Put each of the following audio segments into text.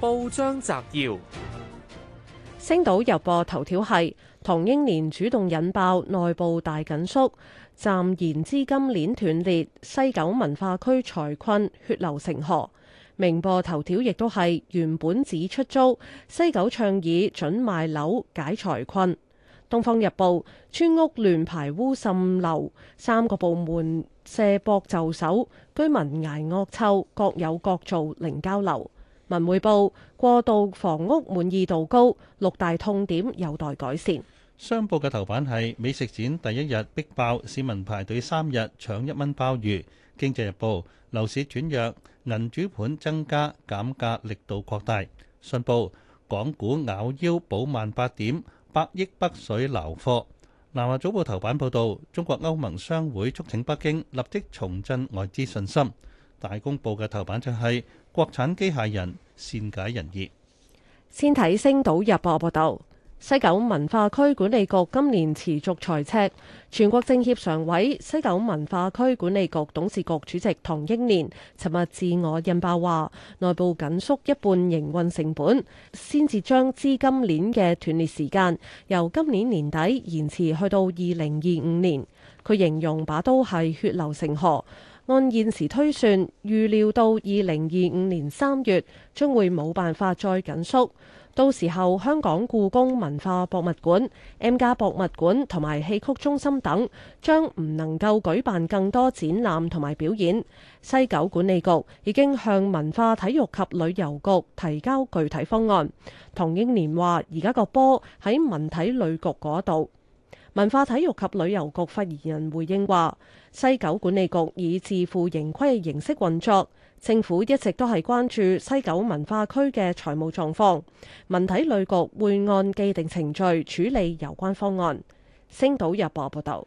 報章摘要：星島日報頭條係唐英年主動引爆內部大緊縮，暫言資金鏈斷裂；西九文化區財困，血流成河。明報頭條亦都係原本只出租西九，倡議准賣樓解財困。東方日報村屋亂排污滲漏，三個部門卸膊就手，居民捱惡臭，各有各做零交流。文匯報：過渡房屋滿意度高，六大痛點有待改善。商報嘅頭版係美食展第一日逼爆，市民排隊三日搶一蚊鮑魚。經濟日報：樓市轉弱，銀主盤增加，減價力度擴大。信報：港股咬腰，補萬八點，百億北水流貨。南華早報頭版報道：中國歐盟商會促請北京立即重振外資信心。大公報嘅頭版就係。國產機械人善解人意。先睇星島日報報道：西九文化區管理局今年持續財赤。全國政協常委、西九文化區管理局董事局主席唐英年尋日自我印爆話，內部緊縮一半營運成本，先至將資金鏈嘅斷裂時間由今年年底延遲去到二零二五年。佢形容把刀係血流成河。按現時推算，預料到二零二五年三月將會冇辦法再緊縮，到時候香港故宮文化博物館、M+ 博物館同埋戲曲中心等將唔能夠舉辦更多展覽同埋表演。西九管理局已經向文化體育及旅遊局提交具體方案。唐英年話：而家個波喺文體旅局嗰度。文化體育及旅遊局發言人回應話：西九管理局以自負盈虧嘅形式運作，政府一直都係關注西九文化區嘅財務狀況。文體旅局會按既定程序處理有關方案。星島日報報道。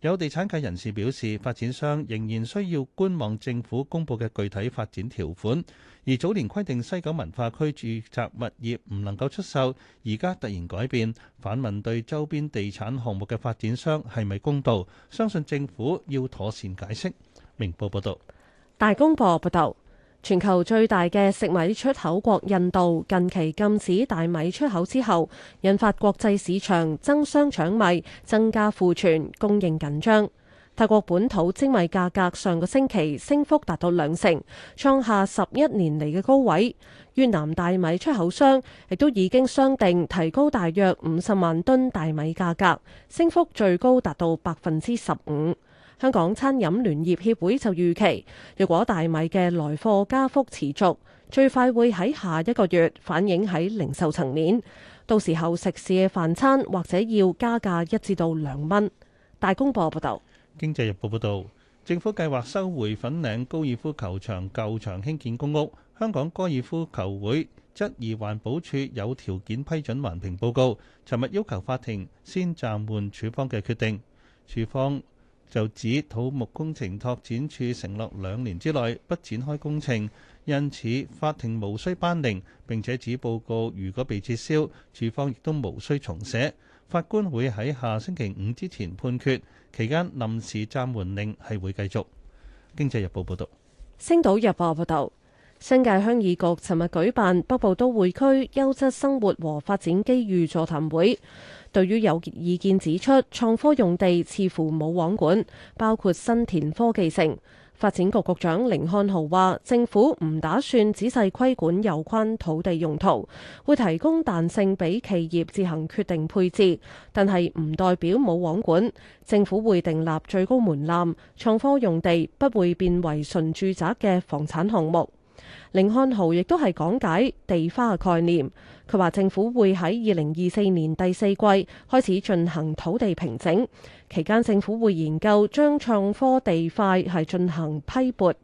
有地產界人士表示，發展商仍然需要觀望政府公布嘅具體發展條款，而早年規定西九文化區住宅物業唔能夠出售，而家突然改變，反問對周邊地產項目嘅發展商係咪公道？相信政府要妥善解釋。明報報道。大公報報道。全球最大嘅食米出口國印度近期禁止大米出口之後，引發國際市場爭相搶米，增加庫存，供應緊張。泰國本土精米價格上個星期升幅達到兩成，創下十一年嚟嘅高位。越南大米出口商亦都已經商定提高大約五十萬噸大米價格，升幅最高達到百分之十五。香港餐飲聯業協會就預期，若果大米嘅來貨加幅持續，最快會喺下一個月反映喺零售層面。到時候食肆嘅飯餐或者要加價一至到兩蚊。《大公報》報道。《經濟日報》報道，政府計劃收回粉嶺高爾夫球場舊場興建公屋。香港高爾夫球會質疑環保署有條件批准環評報告，尋日要求法庭先暫緩署方嘅決定，署方。就指土木工程拓展署承諾兩年之內不展開工程，因此法庭無需頒令。並且指報告如果被撤銷，署方亦都無需重寫，法官會喺下星期五之前判決，期間臨時暫緩令係會繼續。經濟日報報道，星島日報報道，新界鄉議局尋日舉辦北部都會區優質生活和發展機遇座談會。對於有意見指出創科用地似乎冇王管，包括新田科技城，發展局局長甯漢豪話：政府唔打算仔細規管有關土地用途，會提供彈性俾企業自行決定配置，但係唔代表冇王管。政府會訂立最高門檻，創科用地不會變為純住宅嘅房產項目。甯漢豪亦都係講解地花概念。佢話政府會喺二零二四年第四季開始進行土地平整，期間政府會研究將創科地塊係進行批撥。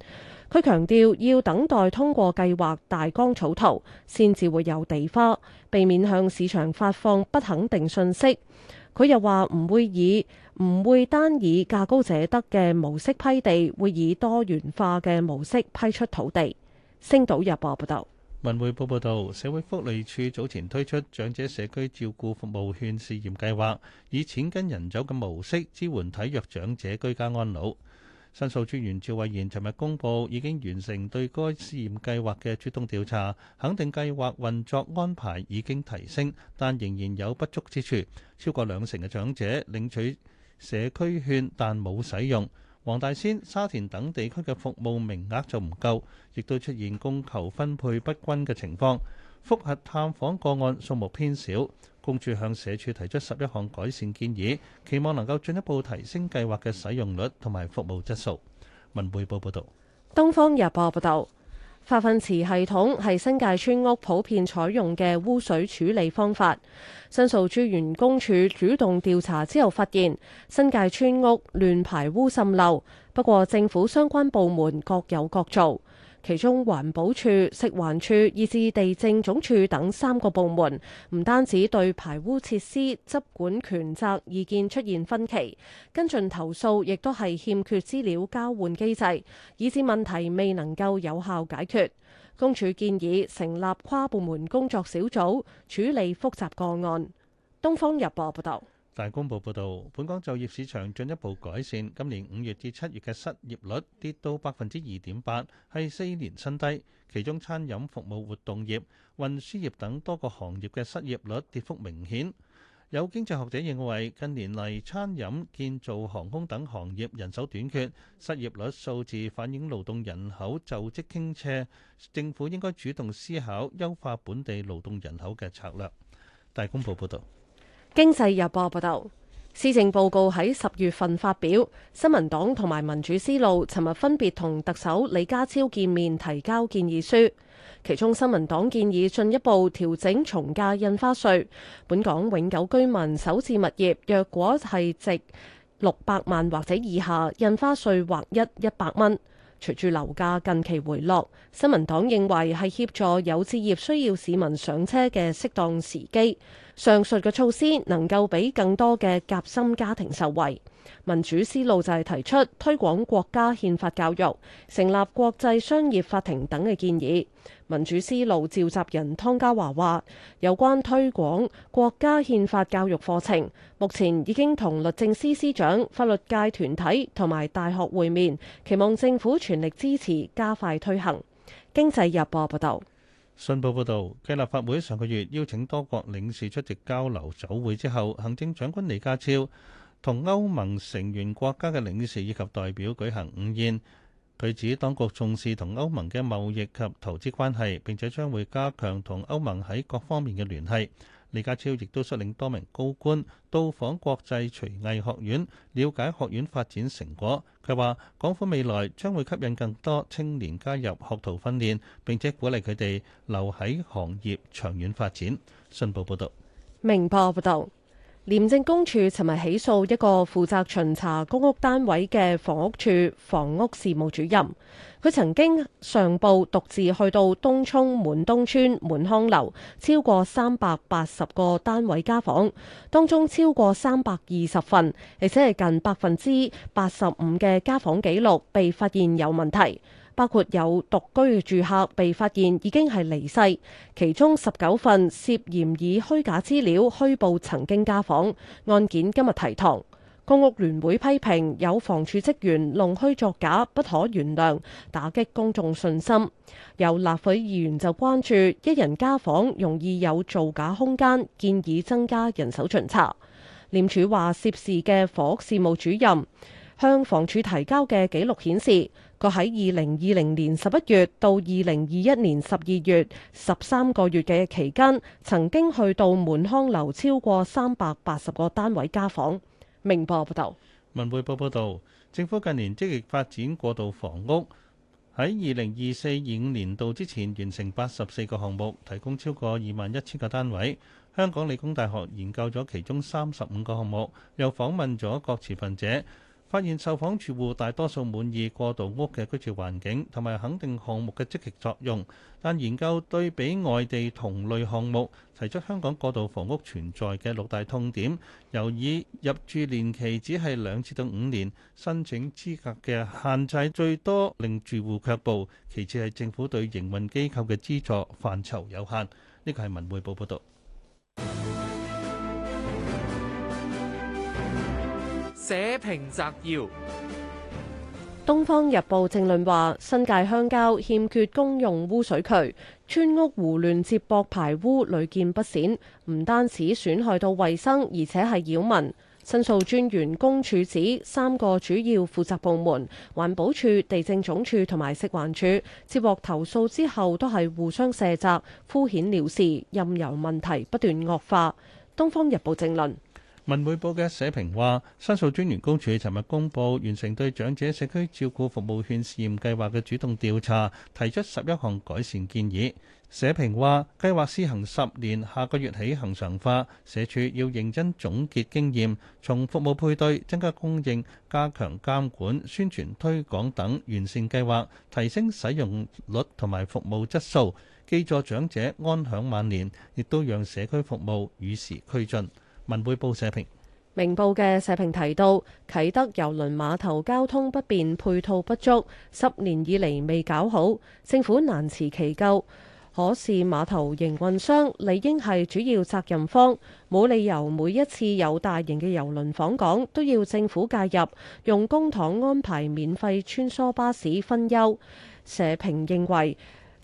佢強調要等待通過計劃大綱草圖先至會有地花，避免向市場發放不肯定信息。佢又話唔會以唔會單以價高者得嘅模式批地，會以多元化嘅模式批出土地。星島日報報道。文匯報報道，社會福利署早前推出長者社區照顧服務券試驗計劃，以錢跟人走嘅模式支援體弱長者居家安老。申訴專員趙慧賢尋日公布，已經完成對該試驗計劃嘅主動調查，肯定計劃運作安排已經提升，但仍然有不足之處，超過兩成嘅長者領取社區券，但冇使用。黃大仙、沙田等地區嘅服務名額就唔夠，亦都出現供求分配不均嘅情況，複核探訪個案數目偏少，公署向社署提出十一項改善建議，期望能夠進一步提升計劃嘅使用率同埋服務質素。文匯報報道。東方日報報導。化糞池系統係新界村屋普遍採用嘅污水處理方法。申訴專員公署主動調查之後，發現新界村屋亂排污滲漏。不過，政府相關部門各有各做。其中環保署、食環署以至地政總署等三個部門，唔單止對排污設施執管權責意見出現分歧，跟進投訴亦都係欠缺資料交換機制，以致問題未能夠有效解決。公署建議成立跨部門工作小組處理複雜個案。《東方日報》報道。大公報報導，本港就業市場進一步改善，今年五月至七月嘅失業率跌到百分之二點八，係四年新低。其中，餐飲服務活動業、運輸業等多個行業嘅失業率跌幅明顯。有經濟學者認為，近年嚟餐飲、建造、航空等行業人手短缺，失業率數字反映勞動人口就職傾斜。政府應該主動思考優化本地勞動人口嘅策略。大公報報導。經濟日報報道，施政報告喺十月份發表。新聞黨同埋民主思路，尋日分別同特首李家超見面，提交建議書。其中，新聞黨建議進一步調整重價印花稅。本港永久居民首次物業若果係值六百萬或者以下，印花稅劃一一百蚊。隨住樓價近期回落，新聞黨認為係協助有置業需要市民上車嘅適當時機。上述嘅措施能夠俾更多嘅夾心家庭受惠。民主思路就係提出推廣國家憲法教育、成立國際商業法庭等嘅建議，民主思路召集人湯家驊話：有關推廣國家憲法教育課程，目前已經同律政司司長、法律界團體同埋大學會面，期望政府全力支持，加快推行。經濟日報報道。信報報道，繼立法會上個月邀請多國領事出席交流酒會之後，行政長官李家超同歐盟成員國家嘅領事以及代表舉行午宴。佢指當局重視同歐盟嘅貿易及投資關係，並且將會加強同歐盟喺各方面嘅聯繫。李家超亦都率領多名高官到訪國際廚藝學院，了解學院發展成果。佢話港府未來將會吸引更多青年加入學徒訓練，並且鼓勵佢哋留喺行業長遠發展。信報報道。明報報道。廉政公署尋日起訴一個負責巡查公屋單位嘅房屋署房屋事務主任，佢曾經上報獨自去到東涌滿東邨滿康樓，超過三百八十個單位家訪，當中超過三百二十份，而且係近百分之八十五嘅家訪記錄被發現有問題。包括有獨居住客被發現已經係離世，其中十九份涉嫌以虛假資料虛報曾經家訪案件，今日提堂。公屋聯會批評有房署職員弄虛作假，不可原諒，打擊公眾信心。有立法會議員就關注一人家訪容易有造假空間，建議增加人手巡查。廉署話涉事嘅房屋事務主任向房署提交嘅記錄顯示。我喺二零二零年十一月到二零二一年十二月十三個月嘅期間，曾經去到滿康樓超過三百八十個單位家訪。明報報道。文匯報報道，政府近年積極發展過渡房屋，喺二零二四、二五年度之前完成八十四個項目，提供超過二萬一千個單位。香港理工大學研究咗其中三十五個項目，又訪問咗各持份者。發現受訪住戶大多數滿意過渡屋嘅居住環境，同埋肯定項目嘅積極作用，但研究對比外地同類項目，提出香港過渡房屋存在嘅六大痛點，由於入住年期只係兩至到五年，申請資格嘅限制最多令住戶卻步，其次係政府對營運機構嘅資助範疇有限。呢個係文匯報報導。社評摘要，《東方日報正論》話：新界鄉郊欠缺公用污水渠，村屋胡亂接駁排污，屢見不鮮。唔單止損害到衞生，而且係擾民。申訴專員公署指三個主要負責部門——環保署、地政總署同埋食環署——接獲投訴之後都係互相卸責、敷衍了事，任由問題不斷惡化。《東方日報正論》文匯報嘅社評話，申訴專員公署尋日公布完成對長者社區照顧服務券試驗計劃嘅主動調查，提出十一項改善建議。社評話，計劃施行十年，下個月起恒常化，社署要認真總結經驗，從服務配對、增加供應、加強監管、宣傳推廣等完善計劃，提升使用率同埋服務質素，冀助長者安享晚年，亦都讓社區服務與時俱進。文匯報社評，明報嘅社評提到啟德郵輪碼頭交通不便、配套不足，十年以嚟未搞好，政府難辭其咎。可是碼頭營運商理應係主要責任方，冇理由每一次有大型嘅郵輪訪港都要政府介入，用公帑安排免費穿梭巴士分憂。社評認為，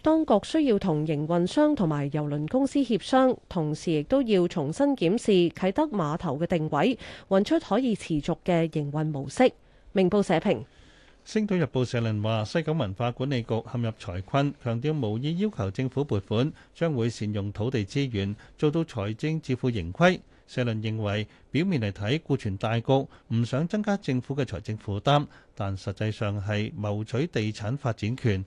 當局需要同營運商同埋郵輪公司協商，同時亦都要重新檢視啟德碼頭嘅定位，運出可以持續嘅營運模式。明報社評，《星島日報》社論話：西九文化管理局陷入財困，強調無意要求政府撥款，將會善用土地資源，做到財政自負盈虧。社論認為，表面嚟睇顧全大局，唔想增加政府嘅財政負擔，但實際上係謀取地產發展權。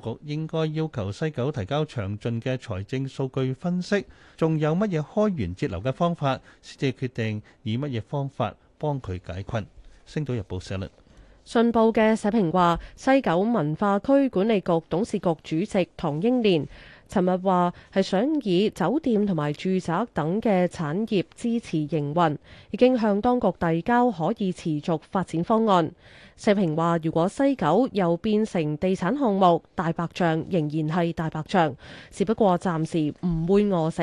局應該要求西九提交詳盡嘅財政數據分析，仲有乜嘢開源節流嘅方法，先至決定以乜嘢方法幫佢解困。星島日報社論，信報嘅社評話：西九文化區管理局董事局主席唐英年。尋日話係想以酒店同埋住宅等嘅產業支持營運，已經向當局遞交可以持續發展方案。社評話：如果西九又變成地產項目，大白象仍然係大白象，只不過暫時唔會餓死。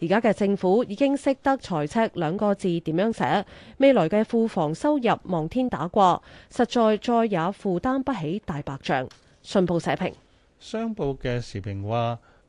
而家嘅政府已經識得財赤兩個字點樣寫，未來嘅庫房收入望天打卦，實在再也負擔不起大白象。信報社評，商報嘅時評話。